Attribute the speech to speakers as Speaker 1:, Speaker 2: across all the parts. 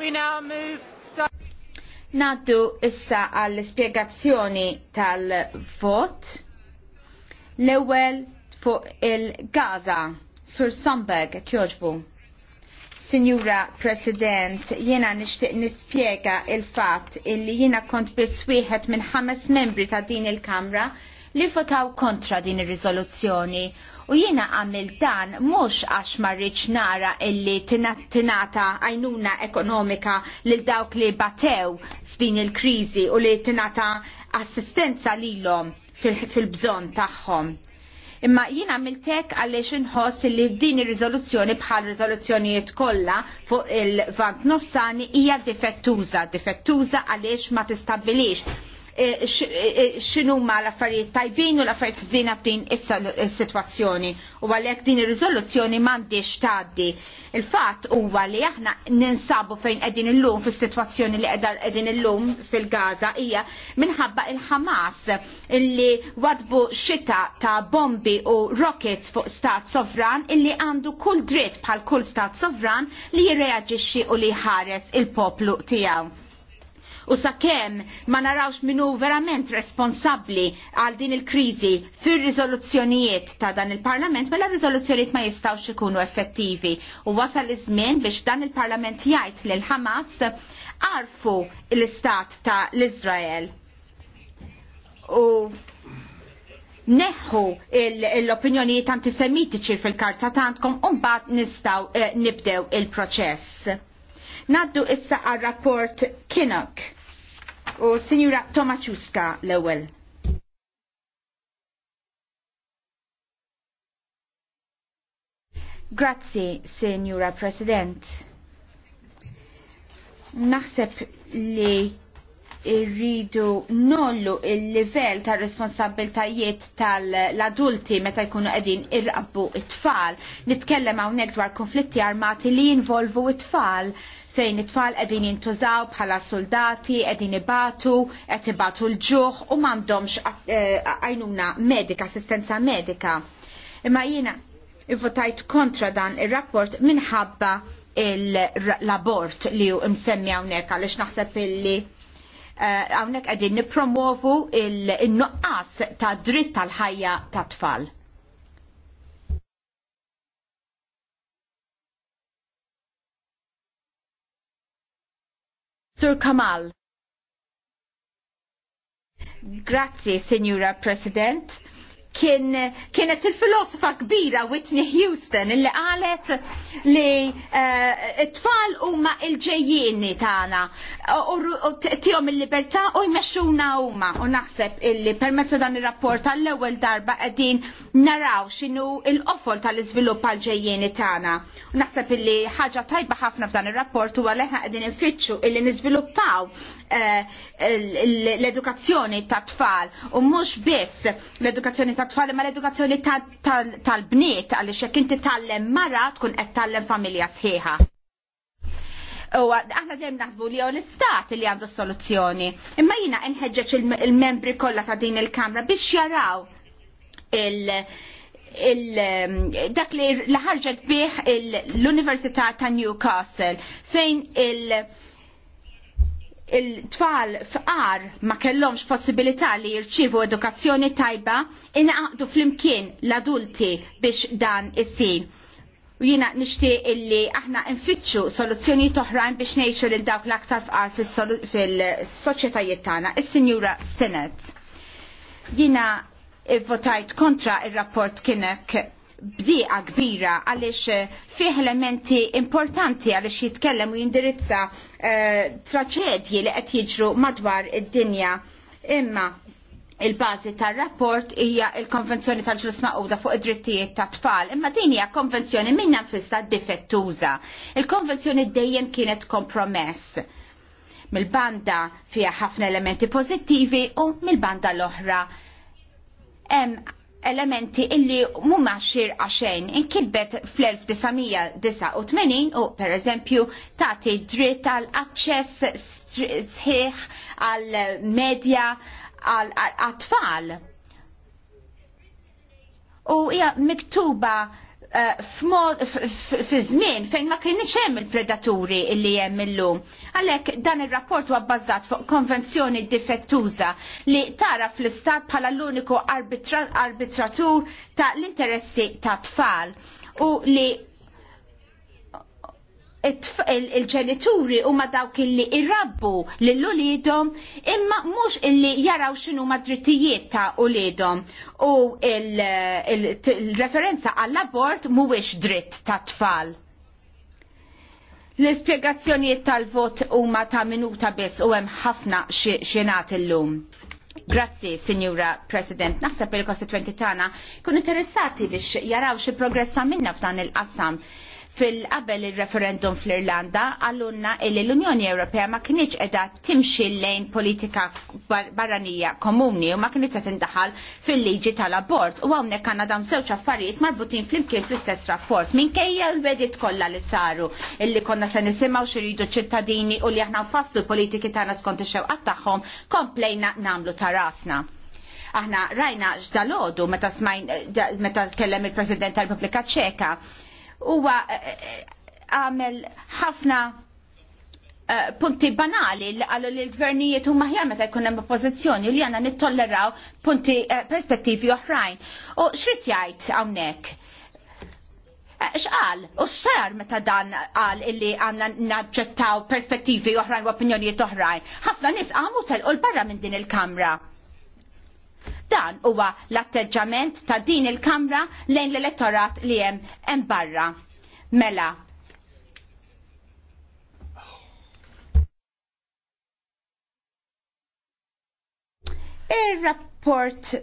Speaker 1: Naddu issa għall-spiegazzjoni tal-vot. L-ewel fuq il-Gaza, Sur Somberg, kjoġbu. Signora President, jiena nixtieq nispjega il fatt illi jena kont biss wieħed minn ħames membri ta' din il-Kamra li votaw kontra din ir-riżoluzzjoni U jiena għamil dan mhux għax marriċ nara illi tinata għajnuna ekonomika lil dawk li batew f'din il-kriżi u li tinata assistenza lilhom fil-bżonn tagħhom. Imma jiena għamiltek għaliex inħoss li din ir-riżoluzzjoni bħal riżoluzzjonijiet kollha fuq il-vant nofsani hija difettuża, difettuża għaliex ma tistabbilix Eh, eh, eh, xinu ma l-affarijiet tajbin u l-affarijiet ħżina f'din is-sitwazzjoni. U għalhekk din ir rizoluzzjoni m'għandix tgħaddi. Il-fatt huwa li aħna ninsabu fejn qegħdin illum fis-sitwazzjoni li qegħdin illum fil-Gaza hija minħabba il-Ħamas illi wadbu xita ta' bombi u rockets fuq stat sovran illi għandu kull dritt bħal kull stat sovran li jirreaġixxi u li ħares il-poplu tiegħu U sakemm ma narawx minu verament responsabbli għal din il-kriżi fir-riżoluzzjonijiet ta' dan il-Parlament, mela riżoluzzjonijiet ma jistgħux ikunu effettivi. U wasal iż-żmien biex dan il-Parlament jgħid lil Hamas arfu l-istat ta' l-Izrael. U neħu l-opinjonijiet antisemitiċi fil-karta tantkom un bat nistaw eh, nibdew il-proċess. Naddu issa għal rapport Kinnok u Sinjura Tomaċuska l-ewel. Grazzi, Sinjura President. Naħseb li irridu nollu il-livell ta' responsabiltajiet tal-adulti meta jkunu qegħdin irqabbu it-tfal. Nitkellem hawnhekk dwar konflitti armati li jinvolvu it-tfal. it tfal fejn it-tfal qegħdin jintużaw bħala soldati, qegħdin ibatu, qed ibatu l-ġuħ u m'għandhomx eh, għajnuna medika, assistenza medika. Imma jiena votajt kontra dan ir-rapport minħabba l-abort li hu msemmi hawnhekk għaliex naħseb illi eh, hawnhekk qegħdin nippromovu il-nuqqas ta' dritt tal-ħajja tat-tfal. Sur Kamal. Grazie, Signora President kien, kienet il-filosofa kbira Whitney Houston illi qalet li eh, t-tfal huma il-ġejjieni tagħna u tihom il-libertà u jmexxuna huma u naħseb illi permezz dan ir-rapport tal-ewwel darba qegħdin naraw x'inhu l-qofol tal-iżvilupp għall ġejjieni tagħna. U naħseb illi ħaġa tajba ħafna f'dan ir-rapport huwa li qegħdin infittxu illi niżviluppaw eh, l-edukazzjoni tat-tfal u mhux biss l-edukazzjoni ta' tfal ma l-edukazzjoni tal-bniet għaliex jekk inti tal-lem mara tkun qed tal-lem familja sħiħa. U aħna dejjem naħsbu li hawn l-istat li għandu soluzzjoni. Imma jiena nħeġġeġ il-membri kollha ta' din il-Kamra biex jaraw il- dak li ħarġet bih l-Università ta' Newcastle fejn il- il-tfal fqar ma kellhomx possibilità li jirċivu edukazzjoni tajba inaqdu flimkien l-adulti biex dan is-sin. U jina nishti illi aħna nfittxu soluzzjoni toħrajn biex nejxu lil dawk l-aktar fqar fil-soċjetajiet tagħna, is-Sinjura Senet. Jina votajt kontra il rapport kienek Bdiqa kbira għaliex eh, fih elementi importanti għaliex jitkellem u jindirizza eh, traċedji li qed jiġru madwar id-dinja. Imma il-bażi tar-rapport hija l-Konvenzjoni tal-Ġlus Maquda fuq id-drittijiet ta' tfal, imma din hija konvenzjoni minn nfissa difettuża. Il-konvenzjoni dejjem kienet kompromess mill-banda fiha ħafna elementi pożittivi u mill-banda l-oħra hemm elementi illi mumma xir għaxen inkitbet fl-1989 u per eżempju tati dritt għal access sħiħ għal medja għal tfal. U hija miktuba Eh, fi żmien fejn ma kienx hemm il-predaturi li hemm illum. Għalhekk dan ir-rapport huwa bbażat fuq konvenzjoni difettuża li tara fl-istat bħala l-uniku arbitratur ta' l-interessi ta' tfal u li il-ġenituri u ma dawk illi irrabbu l-ulidom imma mux illi jaraw xinu madrittijiet ta' ulidom u il-referenza għall-abort muwix dritt ta' tfal. L-ispiegazzjonijiet tal-vot u ma ta' minuta biss u hemm ħafna xenat illum. Grazzi, Signora President. Naħseb il-kostituenti tagħna kun interessati biex jaraw xi progress minna f'dan il-qassam fil-qabel il-referendum fl-Irlanda għallunna illi l-Unjoni Ewropea ma kienieċ edha timxi lejn politika barranija komuni u ma kienieċ edha tindaħal fil-liġi tal-abort u għawne għanna dam zewċ affarijiet marbutin fl-imkien fl-istess rapport minkejja l-wedit kolla li saru illi konna se nisimaw xiridu ċittadini u li aħna nfasslu politiki tana skont xew għattaħom tagħhom komplejna namlu tarasna aħna rajna ġdalodu meta smajn meta tkellem il-President tal-Repubblika Ċeka huwa eh, eh, għamel ħafna eh, punti banali li għallu li l-gvernijiet u maħjar meta jkun hemm oppożizzjoni u li għandna nittolleraw punti perspettivi oħrajn. U xrid jgħid hawnhekk? X'qal? U x'sar meta dan qal illi għandna naġġettaw perspettivi oħrajn u opinjonijiet oħrajn? Ħafna nies qamu telqu l-barra minn din il-kamra. Dan huwa l-atteġġament ta' din il-Kamra lejn l-elettorat li hemm hemm barra. Mela, Il-rapport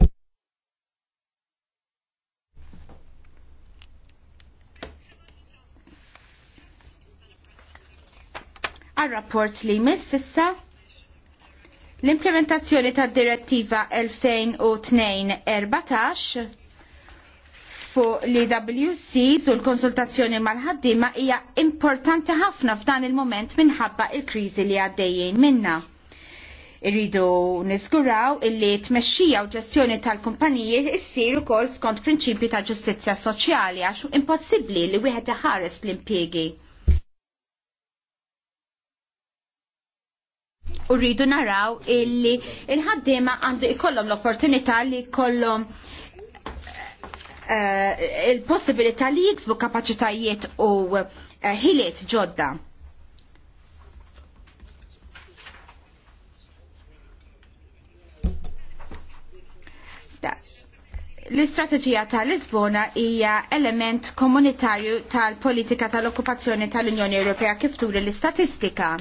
Speaker 1: għal-rapport li jmiss issa L-implementazzjoni tad direttiva 2002-14 fuq l WC u l-konsultazzjoni mal-ħaddima hija importanti ħafna f'dan il-moment minħabba il-kriżi li għaddejjin minna. Irridu niżguraw illi tmexxija u ġestjoni tal-kumpaniji issir ukoll skont prinċipji ta' ġustizzja soċjali għax impossibbli li wieħed iħares l-impjiegi u rridu naraw illi il-ħaddiema għandu ikollom l-opportunità li kollom uh, eh, il-possibilità li jiksbu kapaċitajiet u eh, ħiliet hiliet ġodda. L-istrateġija tal-Lisbona hija element komunitarju tal-politika tal-okkupazzjoni tal-Unjoni Ewropea kif turi l-istatistika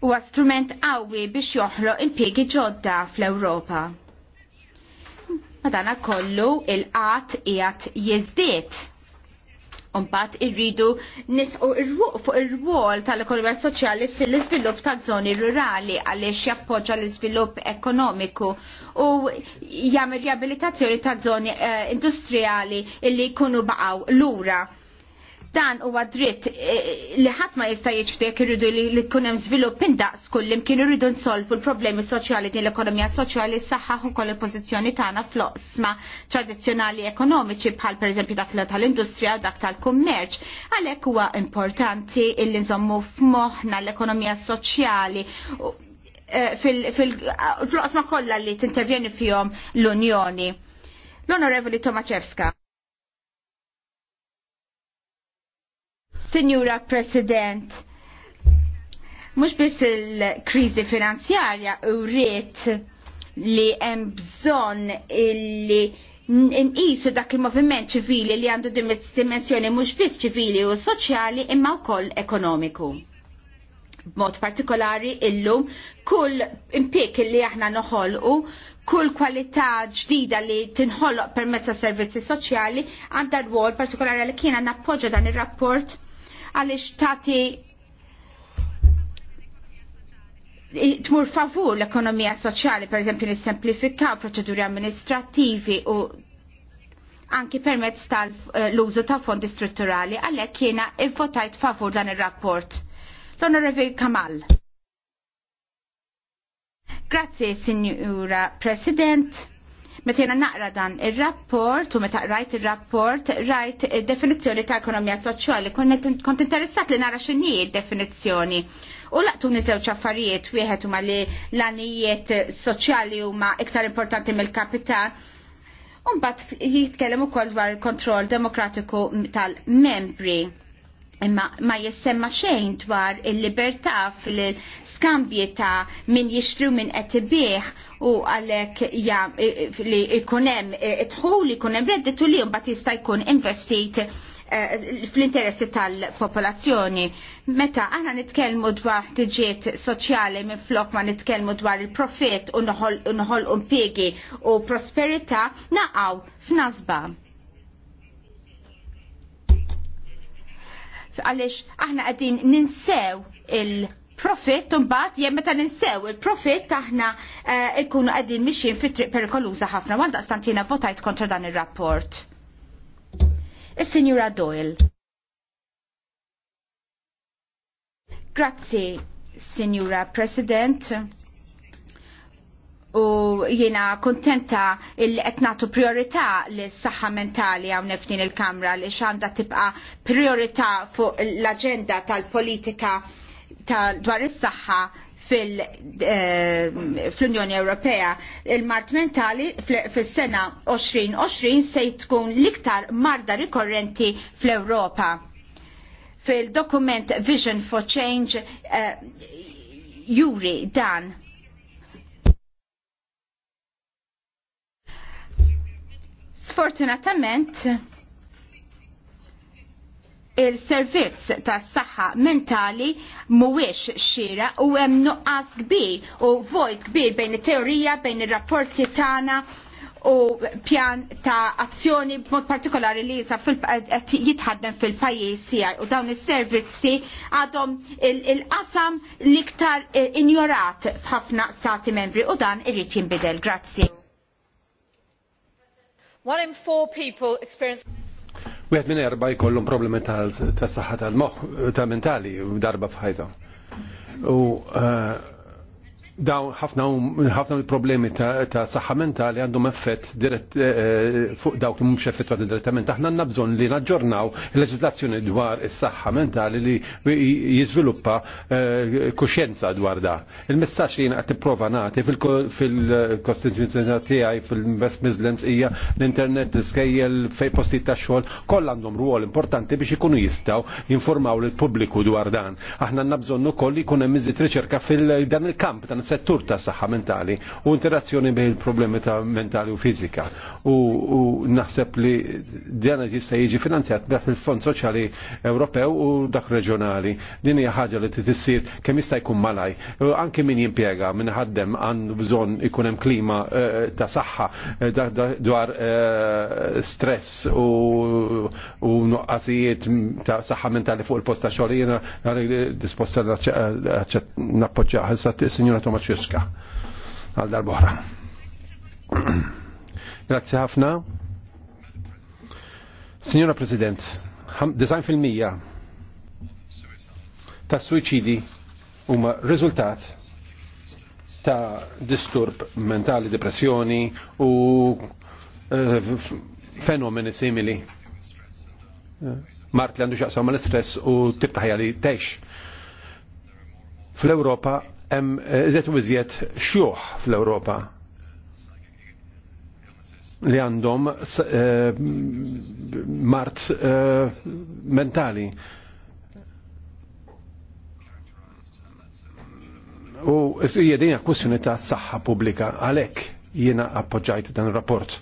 Speaker 1: huwa strument qawwi biex joħloq impjiegi ġodda fl-Ewropa. Madana kollu il-qat qiegħed jizdiet. Umbat irridu nisqu fuq ir-rwol tal-ekonomija soċjali fil-iżvilupp ta' żoni rurali għaliex jappoġġa l-iżvilupp ekonomiku u jagħmel riabilitazzjoni ta' żoni eh, industrijali illi jkunu baqgħu lura dan huwa dritt eh, li ħadd ma jista' jiġdek irridu li tkun hemm żvilupp kullim kienu rridu nsolfu l-problemi soċjali din l-ekonomija soċjali saħħaħ koll il-pożizzjoni tagħna fl-oqsma tradizzjonali ekonomiċi bħal pereżempju dak tal-industrija u dak tal-kummerċ. Għalhekk huwa importanti illi nżommu f'moħħna l-ekonomija soċjali eh, fil-oqsma kollha li tintervjeni fihom l-Unjoni. L-Onorevoli Tomaċevska. Signora President, mux biss il-krizi finanzjarja u rrit li hemm bżonn illi nqisu dak il-moviment ċivili li għandu dimensjoni mhux biss ċivili u soċjali imma wkoll ekonomiku. B'mod partikolari illum kull impik li aħna noħolqu kull kwalità ġdida li tinħolloq permezz ta' servizzi soċjali għandha rwol partikolari li kiena nappoġġa dan ir-rapport għaliex tati tmur favur l-ekonomija soċjali, per eżempju, nissemplifikaw proċeduri amministrativi u anki permezz tal-użu eh, ta' fondi strutturali, għalhekk jiena ivvotajt favur dan ir-rapport. L-Onorevoli Kamal. Grazie, Signora President. Meta naqra dan ir-rapport u meta rajt ir-rapport rajt definizzjoni ta' ekonomija soċjali kont interessat li nara xinni d-definizzjoni. U ċaffarijiet u affarijiet wieħed huma li l-anijiet soċjali huma iktar importanti mill-kapital bat jitkellem ukoll dwar il-kontroll demokratiku tal-membri Imma ma jessemma xejn dwar il-libertà fil-skambji ta' min jixtru minn qed ibih u għalhekk ja li jkun hemm idħul ikun hemm redditu li mbagħad jista' jkun investit eh, fl-interessi tal-popolazzjoni. Meta aħna nitkellmu dwar ħtiġiet soċjali minn flok ma nitkellmu dwar il-profit u noħol impjegi u prosperità naqgħu f'nazba. għaliex aħna qegħdin ninsew il-profit mbagħad jew meta ninsew il-profit aħna ikunu eh, qegħdin mixjin fit-triq perikoluża ħafna għandha stantina votajt kontra dan ir-rapport. Is-Sinjura Doyle. Grazzi, Signora President u jiena kontenta il-etnatu priorità l saħħa mentali għaw neftin il-kamra li xanda tibqa priorità fuq l-agenda tal-politika tal dwar is-saħħa fil-Unjoni eh, Ewropea. Il-mart mentali fil-sena 2020 se tkun l-iktar marda rikorrenti fl-Ewropa. Fil-dokument Vision for Change eh, juri dan Sfortunatament, il-servizz tas saħħa mentali mhuwiex xira u hemm nuqqas kbir u vojt kbir bejn it-teorija bejn ir-rapporti tagħna u pjan ta' azzjoni b'mod partikolari li jisa jitħaddem fil-pajjiż tiegħi u dawn is-servizzi għadhom il-qasam l-iktar eh, injorat f'ħafna stati membri u dan irid jinbidel. Grazzi. One in four people experience
Speaker 2: Wieħed minn erba' jkollhom problemi tas-saħħa tal-moħħ ta' mentali darba f'ħajta. U eh, dawn ħafna problemi ta', ta saħħa mentali għandhom effett dirett eh, eh, fuq dawk li mhux effettwati direttament. Aħna għandna bżonn li naġġornaw il leġislazzjoni dwar is-saħħa mentali li jiżviluppa eh, kuxjenza dwar da. Il-messaġġ li qed tipprova nagħti fil-kostituzzjoni tiegħi fil-West Midlands hija l-internet iskejjel fej postijiet ta' xogħol kollha għandhom rwol importanti biex ikunu jistgħu jinformaw lill-pubbliku dwar dan. Aħna għandna bżonn ukoll li jkun hemm iżid riċerka fil-dan il-kamp dan il kamp ta' settur ta' saħħa mentali u interazzjoni bejn il-problemi ta' mentali u fizika. U naħseb li dan jista' jiġi finanzjat dak il-Fond Soċjali Ewropew u dak reġjonali. Din hija ħaġa li tissir kemm jista' jkun malaj. Anke min jimpjega, min ħaddem għandu bżonn ikun hemm klima eh, ta' saħħa eh, dwar eh, stress u nuqqasijiet ta' saħħa mentali fuq il-posta xogħol jiena disposta nappoġġa ħassa signora Tomaġ Tomaċiska għal darbohra. Grazie ħafna. Signora President, design fil-mija ta' suicidi huma rizultat ta' disturb mentali, depressjoni u eh, fenomeni simili. Mart li għandu xaqsam l istress u tibtaħja li teħx. Fl-Europa hemm eh, iżet wiżjed xjuħ fl-Ewropa li għandhom eh, mart eh, mentali. U jgħedin kwestjoni ta' s-saxħa publika għalek jiena appoġġajt dan il rapport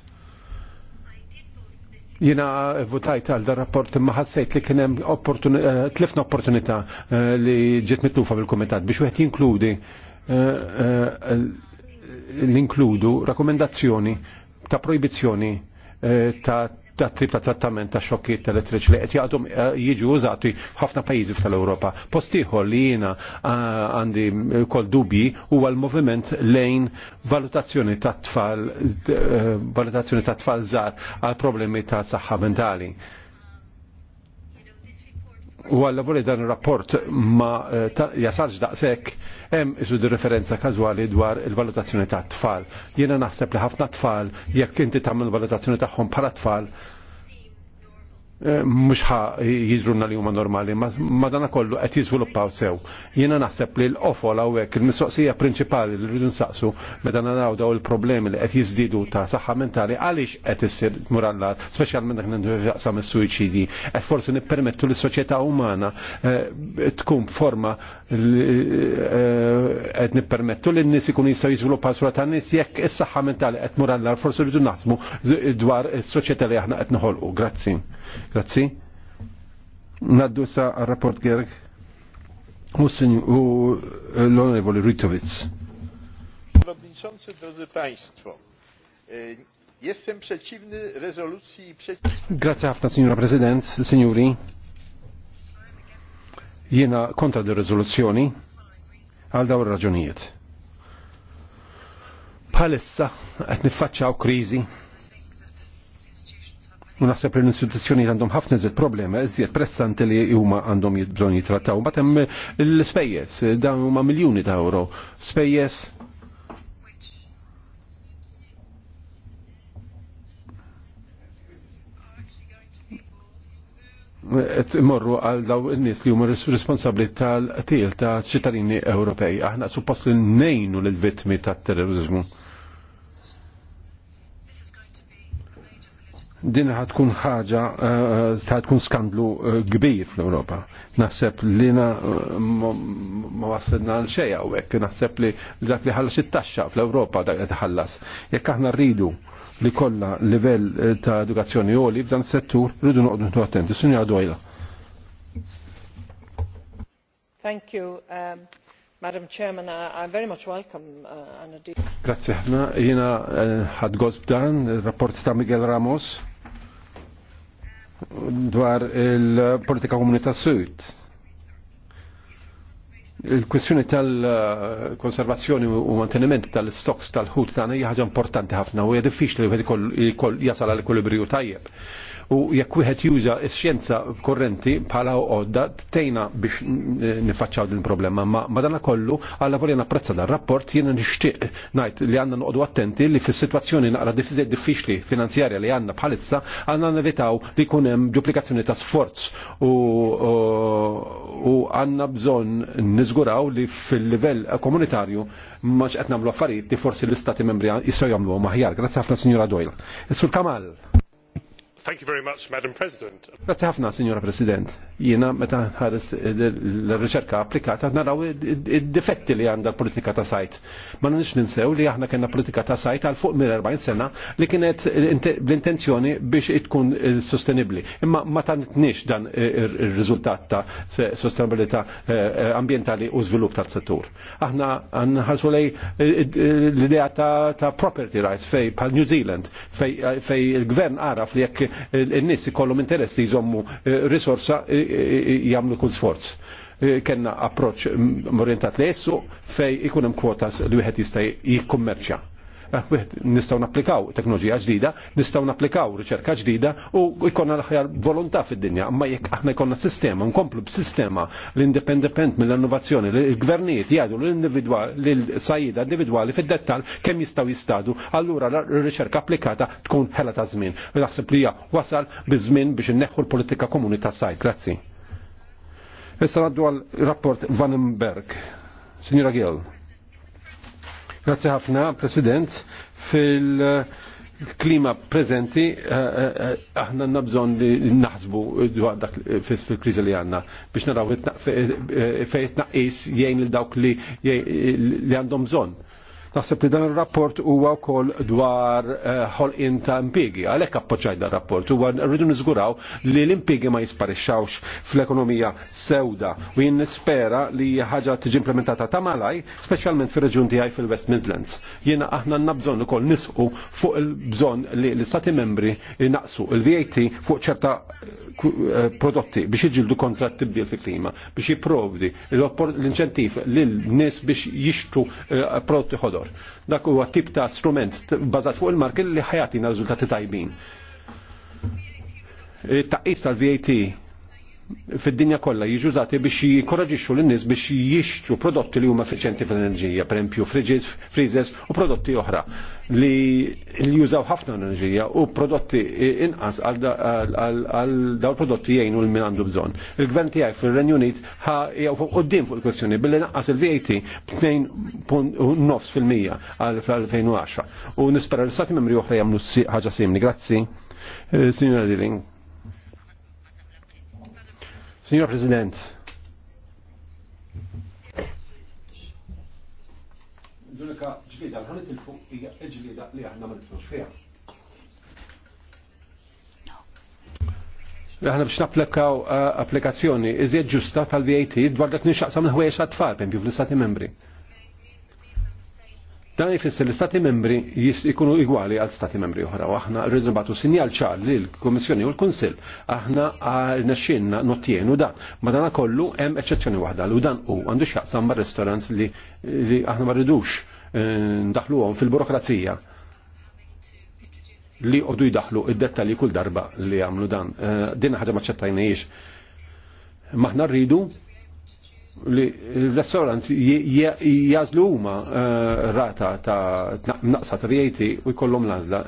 Speaker 2: Jina votajt għal dar rapport imma ħassejt li kienem eh, tlifna opportunità eh, li ġiet mitlufa bil-komitat biex wieħed jinkludi eh, l-inkludu rakkomendazzjoni ta' proibizzjoni ta' ta' trip ta' trattament ta' xokkiet elettriċi li qed jaqdhom eh, jiġu użati ħafna pajjiżi fl-Ewropa. Post ieħor li jiena eh, għandi wkoll dubji huwa l-moviment lejn valutazzjoni ta' tfal eh, valutazzjoni ta' tfal żgħar għal problemi ta' saħħa mentali u għallavuri dan il-rapport ma eh, jasalx daqsek, hemm isu di referenza kazwali dwar il-valutazzjoni ta' tfal. Jena naħseb li ħafna tfal, jekk inti tagħmel valutazzjoni tagħhom bħala tfal, Eh, mux ħa jidruna li huma normali, ma dana kollu qed jiżviluppaw sew. Jiena naħseb li l-ofol hawnhekk il-mistoqsija prinċipali li rridu nsaqsu meta naraw daw il-problemi li qed jiżdiedu ta' saħħa mentali għaliex qed issir murallat, speċjalment dak nintaqsam is suwiċidi qed forsi nippermettu li s-soċjetà umana eh, tkun forma eh, qed nippermettu li n-nies ikun jistgħu jiżviluppaw sura ta' nies jekk is-saħħa mentali qed murallat, forsi rridu naħsmu dwar is-soċjetà li aħna qed noħolqu. Grazzi. Grazzi. Naddu sa rapport Gerg u eh, l-onorevoli Rytowicz. Przewodniczący, drodzy Państwo, e, jestem przeciwny rezolucji... Grazie ħafna, signora President, signori. Jena kontra de rezoluzzjoni għal dawn raġunijiet. Palissa, għet nifacċaw krizi, U naħseb li l-istituzzjoni għandhom ħafna iżjed problema, iżjed pressanti li huma għandhom bżonn jitrattaw. Batem hemm l-ispejjeż, dawn huma miljuni ta' euro. Spejjes. morru għal daw n-nis li huma responsabli tal-til ta' ċittadini Ewropej. Aħna suppost li nejnu l-vittmi tat terrorizmu din ħatkun ħaġa ta' eh, eh, tkun skandlu eh, kbir fl-Europa. Naħseb li na ma wasselna l u għek, naħseb li dak li ħallas it-taxxa fl europa dak li tħallas. Jekk aħna rridu li kollha livell ta' edukazzjoni għoli f'dan settur rridu noqdu ntu attenti. Sunja għadwajla.
Speaker 1: Thank you. Um... Madam Chairman, I very much welcome uh, Anna
Speaker 2: Grazie ħafna, jina ħad uh, b'dan, rapport ta' Miguel Ramos dwar il-politika komunità sud. Il-kwestjoni tal-konservazzjoni u manteniment tal-stoks tal-ħut tagħna hija ħaġa importanti ħafna u hija diffiċli li jasal għal ekwilibrju tajjeb u jekk wieħed juża x-xjenza korrenti bħala għodda tejna biex nifaċċaw din il-problema. Ma madana kollu għalla volja napprezza dan rapport jiena nixtieq ngħid li għandna noqogħdu attenti li fis-sitwazzjoni naqra diffiżiet diffiċli finanzjarja li għandna bħalissa għandna nevitaw li jkun hemm duplikazzjoni ta' sforz u għandna bżonn niżguraw li fil-livell komunitarju ma qed nagħmlu affarijiet li forsi l-istati membri jistgħu jagħmluhom aħjar. Grazzi ħafna Sinjura Doyle. Sur Kamal. Thank you very much, Madam President. Grazie ħafna, Signora President. Jiena meta ħares l-riċerka applikata naraw id-difetti li għandha l-politika ta' sajt. Ma nix ninsew li aħna kena politika ta' sajt għal fuq mill-40 sena li kienet l-intenzjoni biex tkun eh, sostenibli. Imma ma tantniex dan eh, ir-riżultat ta' sostenibilità eh, ambientali u żvilupp tal-settur. Aħna għanħarsu lej l-idea ta' property rights fej pal New Zealand fej il-gvern għaraf li jekk n-nis kollum interess li jżommu eh, risorsa eh, eh, jamlu kull sforz. Kenna approċ mm, orientat li jessu fej ikunem kwotas li wieħed jista' jikkummerċja Eh, nistgħu napplikaw teknoloġija ġdida, nistgħu napplikaw riċerka ġdida u jkollna l-aħjar volontà fid-dinja, Ma jekk aħna jkollna sistema, nkomplu b'sistema l-independent mill-innovazzjoni, l gvernijiet jgħidu l-sajjida individwali fid-dettal kemm jistgħu jistadu, allura l-riċerka applikata tkun ħela ta' żmien. Naħseb li wasal biż żmien biex inneħħu l-politika komuni ta' sajt. Grazzi. Issa għaddu għal rapport Vandenberg. Signora Gill. Grazie ħafna, President. Fil-klima prezenti, eh, eh, eh, aħna nabżon li naħsbu fil-kriza li għanna biex naraw fejt naqis jgħin l-dawk li għandhom bżon Naħseb li dan il-rapport huwa wkoll dwar eh, ħolqien ta' impiegi. għalhekk appoġġaj dan rapport huwa rridu niżguraw li l impiegi ma jisparixxawx fl-ekonomija sewda u jien nispera li ħaġa tiġi implementata ta' malaj, speċjalment fir-reġjun tiegħi fil-West Midlands. Jiena aħna għandna bżonn ukoll nisqu fuq il-bżonn li l-istati membri naqsu il-VAT fuq ċerta eh, eh, prodotti biex jiġildu kontra t-tibdil fil-klima, biex jipprovdi l-inċentiv lil nies biex jixtru prodotti ħodor ieħor. Dak huwa tip ta' strument bażat fuq il markill li ħajatina riżultati tajbin. Taqqis tal-VAT fid-dinja kollha jiġu żati biex jikkoraġixxu lin-nies biex jixtru prodotti li huma effiċenti fl-enerġija, pereempju fridges, freezers u prodotti oħra li jużaw ħafna enerġija u prodotti inqas għal dawn prodotti jgħinu l min għandu bżonn. Il-gvern tiegħi fir-Renju Unit ħa jgħu qudiem fuq il-kwestjoni billi naqqas il-VAT b'2.9% għal fl-2010 u nispera l-Stati membri oħra jagħmlu ħaġa simni. Grazzi. Eh, signora Dilling. Signor Presidente. L-unika ġlida l-ħanet il-fuq hija ġlida li aħna ma nitlux fiha. Aħna biex napplikaw eh, applikazzjoni iżjed ġusta tal-VAT dwar dak nixaqsam l-ħwejjex għat-tfal, pempju fl-istati membri. Dan jfisser li stati membri jkunu igwali għal stati membri oħra. Aħna rridu batu sinjal ċar li l-Kummissjoni u l-Kunsill aħna rnexxinna notjenu dan. Ma dan kollu hemm eċċezzjoni waħda u dan u għandu x'jaqsam bar restorants li aħna ma rridux eh, ndaħluhom fil-burokrazija li għodu jidaħlu id-dettali kull darba li għamlu dan. Eh, Din ħagġa maċċettajniex. Maħna rridu li l-restaurant jazlu huma eh, rata ta' naqsa ta' rieti u jkollhom l-għażla.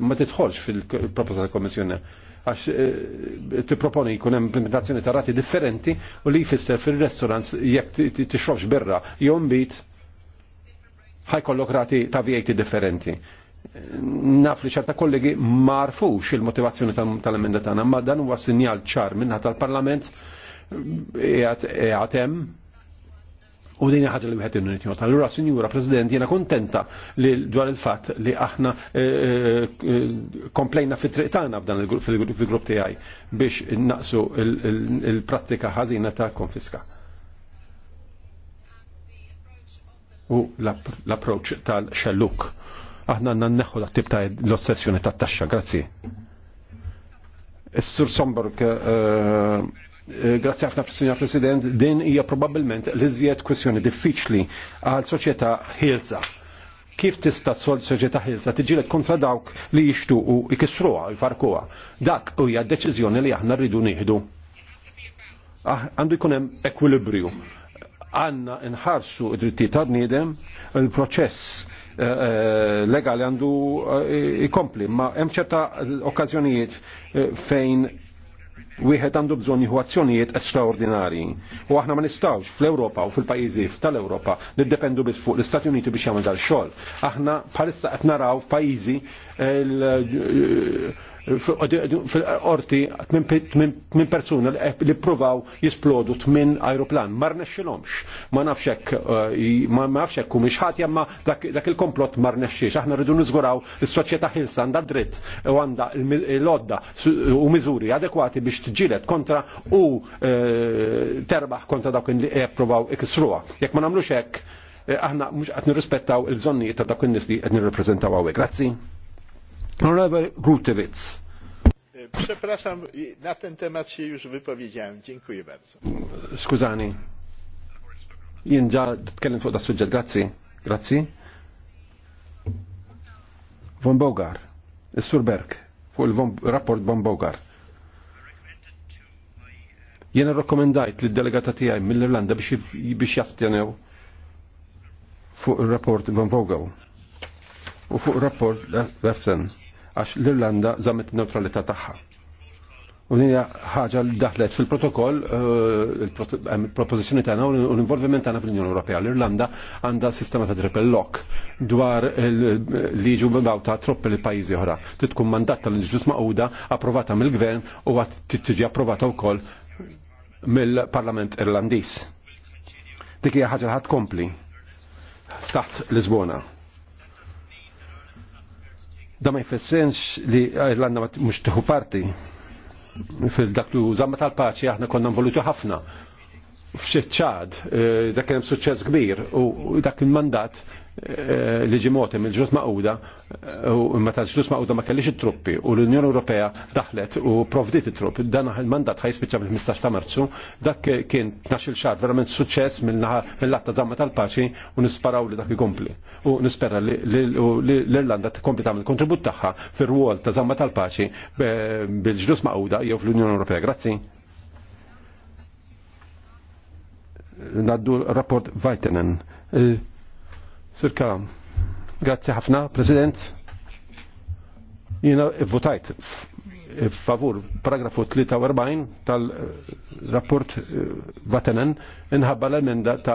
Speaker 2: Ma tidħolx fil-proposta ta' kommissjoni għax eh, tipproponi jkun hemm implementazzjoni ta' rati differenti u li jfisser fil-restaurant jekk tixrobx birra jew mbit ħajkollok rati ta' VAT differenti. Naf li ċerta kollegi marfux il-motivazzjoni tal-emenda tagħna, ma dan huwa sinjal ċar minna tal-Parlament jgħatem e e u din ħaġa li wieħed innunitjot. Allura, Sinjura President, jiena kontenta li dwar il-fatt li aħna e, komplejna fit-triq tagħna f'dan il-grupp tiegħi biex naqsu il-prattika ħażina ta' konfiska. U l-approċ tal-xelluk. Aħna għandna nneħħu l-attib ta' l-ossessjoni tat-taxxa, grazzi. Is-Sur Somburg Eh, Grazzi ħafna Signor President, din hija probabbilment l-iżjed kwestjoni diffiċli għal soċjetà ħilsa. Kif tista' tsol soċjetà ħilsa tiġilek kontra dawk li jixtuqu jkissruha, jfarkuha. Dak hija deċiżjoni li aħna rridu nieħdu. Ah, għandu jkun hemm ekwilibrju. Għanna nħarsu id-drittijiet ta' bniedem, il-proċess eh, eh, legali għandu ikompli, ma hemm ċerta okkażjonijiet fejn wieħed għandu bżonn jieħu azzjonijiet estraordinarji. U aħna ma nistgħux fl-Ewropa u fil-pajjiżi tal-Ewropa niddependu biss fuq l-Istati Uniti biex jagħmel dal-xogħol. Aħna bħalissa qed naraw f'pajjiżi fil minn persuna li provaw jisplodu minn aeroplan. Mar nesċilomx, ma nafxek, eh, ma nafxek u miexħat jamma dak il-komplot mar nexxiex. Aħna rridu nizguraw il-soċieta ħilsa għanda dritt u għanda l-odda u miżuri adekwati biex tġilet kontra u eh, terbaħ kontra dawk li provaw ikisruwa. Jek ma namlu hekk, eh, aħna mhux għatni nirrispettaw il-żonni ta' dak in-nies li qed nirrappreżentaw għawek. Grazzi. Honorable Gutewitz.
Speaker 1: E, przepraszam, na ten temat się już wypowiedziałem. Dziękuję bardzo.
Speaker 2: Skuzani. Jien ġa tkellem fuq da suġġett, grazzi. Grazzi. Von Bogar, Surberg. sur Berg, il-rapport Von Bogar. Jena rekomendajt li delegata tijaj mill-Irlanda biex jastjanew fuq il-rapport Van Vogel u fuq il-rapport Leften għax l-Irlanda zammet neutralità tagħha. U hija ħaġa li daħlet fil-protokoll eh, il eh, propozizjoni tagħna u l-involviment tagħna fl-Unjoni Ewropea. L-Irlanda għandha sistema ta' triple lock dwar liġu ta' troppi li pajjiżi oħra. Titkun mandat tal-ġus maquda approvata mill-gvern u għat tiġi approvata wkoll mill-Parlament Irlandiż. Dik hija ħaġa ħadd kompli taħt Lisbona Da ma jfessenx li Irlanda mux tħu parti fil-dak li zamma tal-paċi aħna konna involuti ħafna ċad, eh, dak kien suċċess kbir u dak il-mandat Eh, li ġimotem mill ġlus maquda eh, u meta l ġlus maquda ma kellix it-truppi u l-Unjoni Ewropea daħlet u provdit it-truppi dan il-mandat ħajspiċċa mill-15 ta' Marzu dak kien 12 xahar verament suċċess mill-latta zamma tal-paċi u nisparaw li dak ikompli u nispera li l-Irlanda tkompli tagħmel kontribut tagħha fir-rwol ta' zamma tal-paċi bil ġlus maquda jew fl-Unjoni Ewropea. Grazzi. Naddu rapport Vajtenen. Eh, Sirka, grazie grazzi ħafna, President. Jina votajt favur paragrafu 43 tal-rapport eh, Vatanen inħabba l-emenda ta'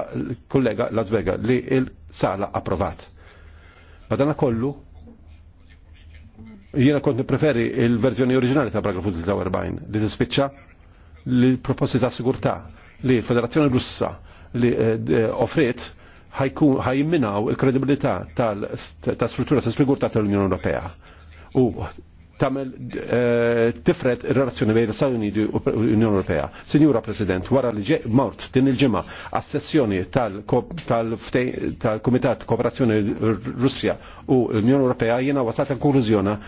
Speaker 2: kollega Las Vega li il-sala approvat. Madana kollu, jiena kont preferi il-verżjoni oriġinali ta' paragrafu 43 li tispiċċa li proposti ta' sigurta' li federazzjoni Russa li eh, eh, offrit ħajminaw il-kredibilità ta' struttura tas-sigurtà tal-Unjoni Ewropea. U tamel eh, tifret il-relazzjoni bejn l-Stati Uniti u l-Unjoni Ewropea. Sinjura President, wara li mort din il-ġimgħa għas-sessjoni tal-Kumitat Kooperazzjoni Russja u l-Unjoni Ewropea jiena wasat l-konklużjona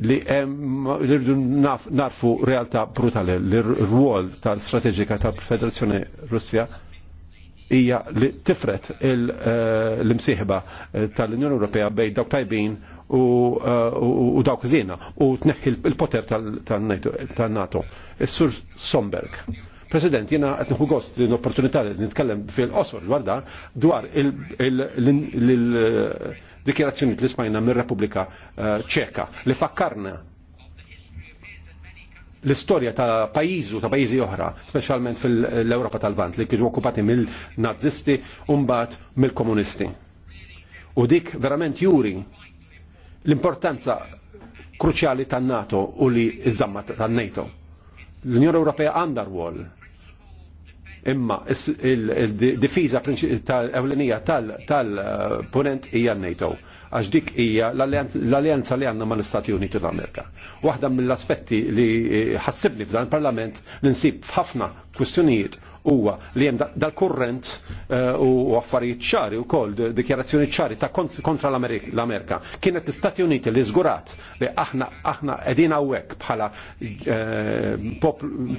Speaker 2: li rridu narfu realtà brutali l-rwol tal-strateġika tal-Federazzjoni Russja hija li tifret eh, l-imsieħba eh, tal-Unjoni Ewropea bejn dawk tajbin u eh, dawk żiena u tneħħi l-poter tal-NATO. Is-Sur Somberg. President, jena nieħu gost l-opportunità li nitkellem fil-qosor dwar dan dwar dikjerazzjoni li smajna mir-Repubblika eh, Ċeka li fakkarna l-istorja ta' pajizu, ta' pajizi oħra, specialment fil-Europa tal-Vant, li kienu okkupati mill-nazisti umbat mill-komunisti. U dik verament juri l-importanza kruċjali tan-NATO u li iż-żamma tan-NATO. L-Unjoni Ewropea għandha rwol Imma il-difiża tal-ewlenija tal-ponent eh, hija NATO għax dik hija l-alleanza li għandna mal-Istati Uniti l-Amerika. Waħda mill-aspetti li eh, ħassibni f'dan il-Parlament li nsib f'ħafna kwistjonijiet huwa li hemm dal-kurrent eh, u affarijiet ċari wkoll dikjarazzjoni ċari ta' kontra l-Amerika. Kienet l-Istati Uniti li żgurat li aħna aħna qegħdin hawnhekk bħala eh,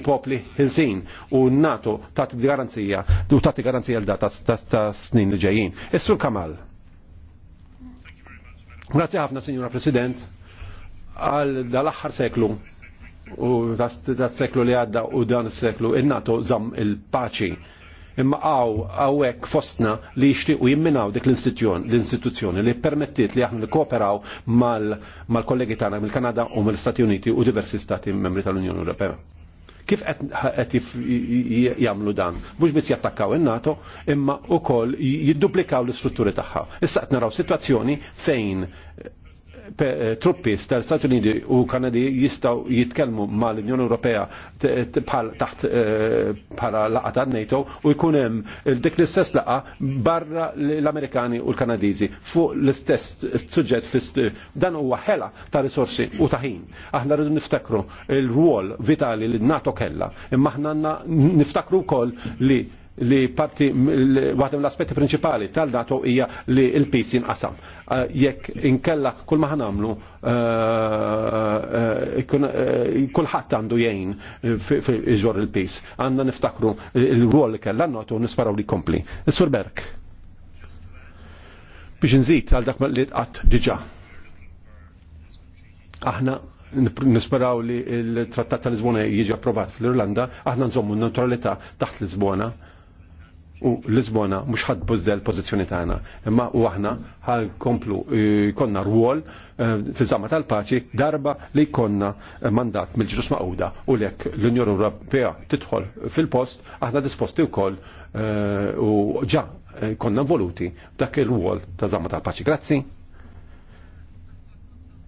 Speaker 2: popli ħilsin u n NATO tagħti garanzija u tagħti garanzija l-data ta' snin li ġejjin. Is-Sur Kamal. Grazie ħafna, Signora President, għal dal-axħar seklu u dal seklu li għadda u dan seklu il-NATO zam il-paċi. Imma għaw għawek fostna li u jimminaw dik l-istituzzjoni li permettit li aħna li kooperaw mal-kollegi mal tagħna mill-Kanada u mill-Stati Uniti u diversi stati membri tal-Unjoni Ewropea. Kif qed jagħmlu dan? Mhux biss jattakkaw in-NATO, imma wkoll jidduplikaw l-istrutturi tagħha. Issa qed naraw sitwazzjoni fejn Eh, truppi tal-Stati Uniti u Kanadi jistaw jitkelmu mal-Unjoni Ewropea taħt bħala eh, laqa ta' NATO u jkun hemm dik l-istess laqa barra l-Amerikani u l-Kanadiżi fuq l-istess suġġett fis dan huwa ħela ta' risorsi u ta' ħin. Aħna rridu niftakru il-rwol vitali li NATO kella, imma aħna niftakru wkoll li li parti waħda mill-aspetti prinċipali tal dato hija li l-pis jinqasam. Eh, jekk inkella kull ma ħanamlu eh, eh, kulħadd għandu jgħin iġor il-pis. Għandna niftakru il-rwol li kellha notu nisparaw li kompli. Sur Berk. Biex nżid għal dak li tqatt diġà. Aħna nisperaw li l-trattat ta' Lisbona jiġi approvat fl-Irlanda, aħna nżommu n-neutralità taħt Lisbona u Lisbona mhux ħadd bużdel pożizzjoni tagħna, imma u aħna ħal komplu eh, konna rwol eh, fiż-żama tal-paċi darba li konna eh, mandat mill-ġrus maquda u lek l-Unjoni Ewropea tidħol fil-post aħna disposti wkoll u ġa konna voluti dak il wol ta' żama tal-paċi. Grazzi.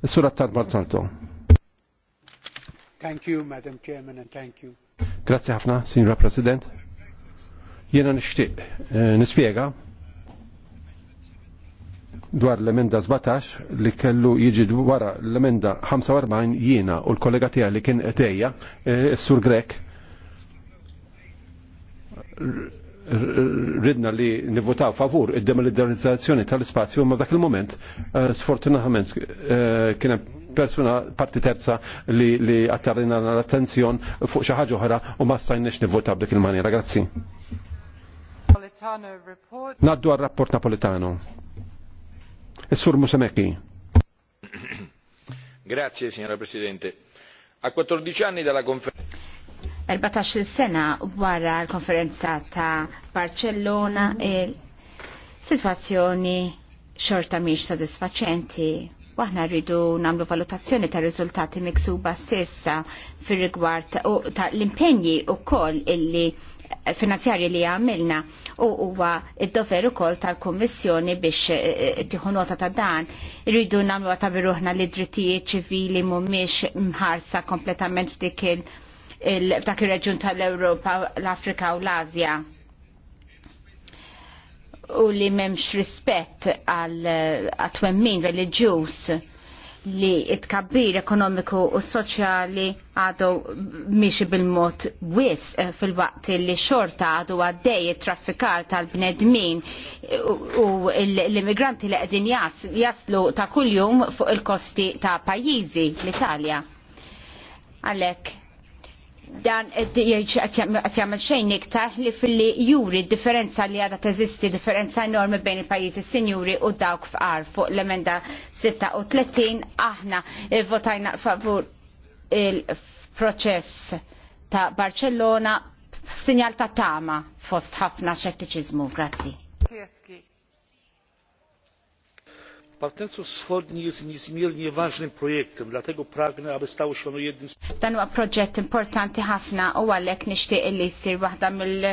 Speaker 2: Surat tal-Barzanto. Thank you, Madam Chairman, and thank you. Grazie ħafna, Signora President. Jena nishtiq eh, nispiega dwar l-emenda 17 li kellu jiġi wara l-emenda 45 jiena u l-kollega tiegħi li kien etejja, s-sur eh, Grek, ridna li nivotaw favur id-demilitarizzazzjoni tal-spazju ma dak il-moment eh, sfortunatament kien persuna parti terza li, li attarrina l-attenzjon fuq xi ħaġa oħra u ma stajniex nivvotaw b'dik il-maniera. Grazzi. Naddu għal rapport Napolitano. Essur Musemeki. Grazie, signora Presidente. A 14 anni dalla conferenza
Speaker 1: 14 sena wara l-konferenza ta' Barcellona il-situazzjoni e xorta miex sadisfaċenti. Waħna rridu namlu valutazzjoni ta' rizultati miksuba sessa fir rigward ta' l impegni u koll illi finanzjarji li għamilna u huwa id-dover ukoll tal-Kummissjoni biex eh, eh, tieħu nota ta' dan. Irridu nagħmlu ta' biruħna li drittijiet ċivili mhumiex mħarsa kompletament f'dik il f'dak ir-reġjun tal-Ewropa, l-Afrika u l-Asja u li memx rispett għal eh, twemmin reliġjuż li it-kabbir ekonomiku u soċjali għadu miexi bil-mod wis eh, fil-waqt li xorta għadu għaddej it-traffikar tal-bnedmin u l-immigranti li għedin jaslu ta' kuljum fuq il-kosti ta' pajizi l-Italja. Għalek, dan qed jagħmel xejn iktar li filli juri d differenza li għadha teżisti differenza enormi bejn il-pajjiżi sinjuri u dawk fqar fuq l-emenda 36 aħna eh, votajna favur il-proċess ta' Barcellona sinjal ta' tama fost ħafna xettiċiżmu. Grazzi.
Speaker 2: Partnerstwo Wschodnie jest
Speaker 1: niezmiernie ważnym projektem, dlatego pragnę, aby stało się ono jednym z... Dan huwa proġett importanti ħafna u għalhekk nixtieq illi jsir waħda mill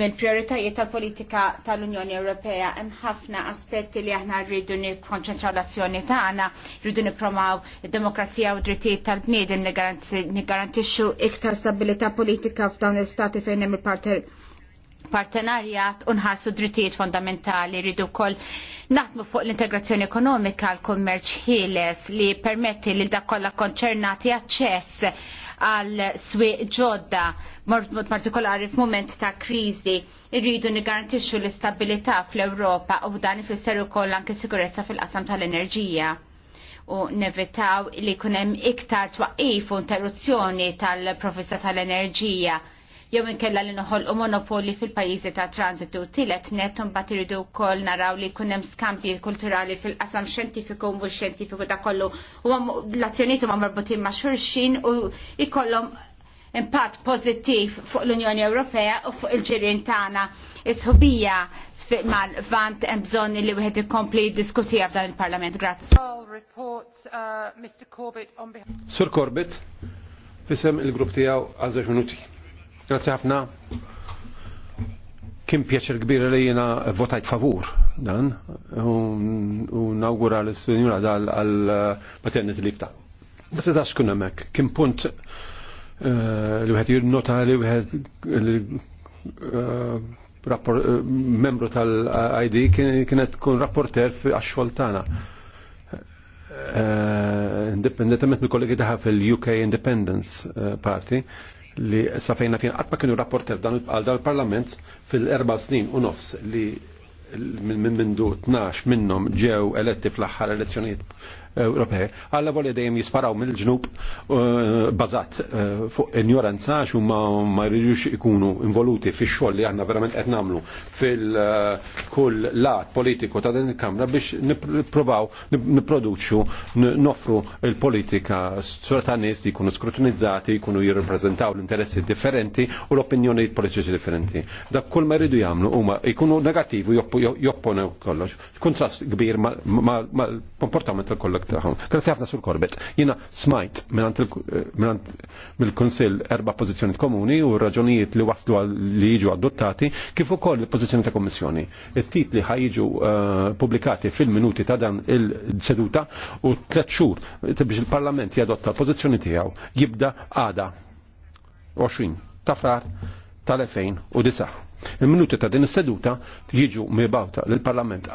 Speaker 1: mill-prioritajiet tal-politika tal-Unjoni Ewropea hemm ħafna aspetti li aħna rridu nikkonċentraw l-azzjoni tagħna, rridu nippromaw id-demokrazija u drittijiet tal-bniedem niggarantixxu iktar stabilità politika f'dawn l-istati fejn hemm il partner partenarjat unħarsu drittijiet fondamentali rridu kol naħdmu fuq l-integrazzjoni ekonomika l-kummerċ ħieles li permetti li dakolla konċernati aċċess għal swieq ġodda mod partikolari f'mument ta' kriżi irridu nigarantixxu l-istabilità fl-Ewropa u dan ifisser ukoll anke sigurezza fil-qasam tal-enerġija u nevitaw li kunem iktar twaqif u interruzzjoni tal-provista tal-enerġija. tal profissa tal enerġija tal tal enerġija jew inkella li noħolqu monopoli fil-pajjiżi ta' transitu tielet net mbagħad iridu wkoll naraw li jkun hemm skambji kulturali fil-qasam xjentifiku u mhux xjentifiku ta' kollu u l-azzjonijiet huma marbutin ma' xulxin u jkollhom impatt pożittiv fuq l-Unjoni Ewropea u fuq il-ġirien tagħna is-ħubija mal-vant hemm bżonn li wieħed ikompli diskutija f'dan il-Parlament. Grazzi. Uh,
Speaker 2: Sur Corbett, fisem il-grupp tiegħu għal minuti. Grazie ħafna. Kim pjaċer kbir li jena votajt favur dan u nawgura l-Sinjura dal għal-patennet eh, li kta. Bas eżax kun hemmhekk. Kim punt eh, li wieħed jirnota li wieħed eh, membru tal-ID kienet kun rapporter fi għaxxol tagħna. Independentament mill-kollegi taħħa fil-UK Independence Party, li safejna fien għatma kienu rapporter għal dal parlament fil-erba snin u nofs li minn mindu 12 minnom ġew eletti fl-axħar elezzjoniet Ewropej. Alla volja dejjem jisparaw mill-ġnub bazat fuq ignoranza għax huma ma jridux ikunu involuti fix-xogħol li aħna verament qed nagħmlu fil-kull lat politiku ta' din il-Kamra biex nippruvaw nipproduċu nofru il-politika sorta nies li jkunu skrutinizzati, jkunu jirrappreżentaw l-interessi differenti u l-opinjonijiet politiċi differenti. Dak kull ma jridu jagħmlu huma jkunu negattivi jopponew kollox. Kontrast kbir mal-komportament tal-kollok network Grazzi ħafna sur Korbet. Jiena smajt minant eh, mill-Kunsill erba' pożizzjonijiet komuni u raġunijiet li waslu li jiġu adottati kif ukoll il-pożizzjoni ta' Kommissjoni. It-tit li ħajġu eh, pubblikati fil-minuti ta' dan il-seduta u tliet xhur biex il-Parlament jadotta l-pożizzjoni tiegħu jibda għada 20 ta' frar tal-2009. Il-minuti ta' din is-seduta jiġu mibawta lill-Parlament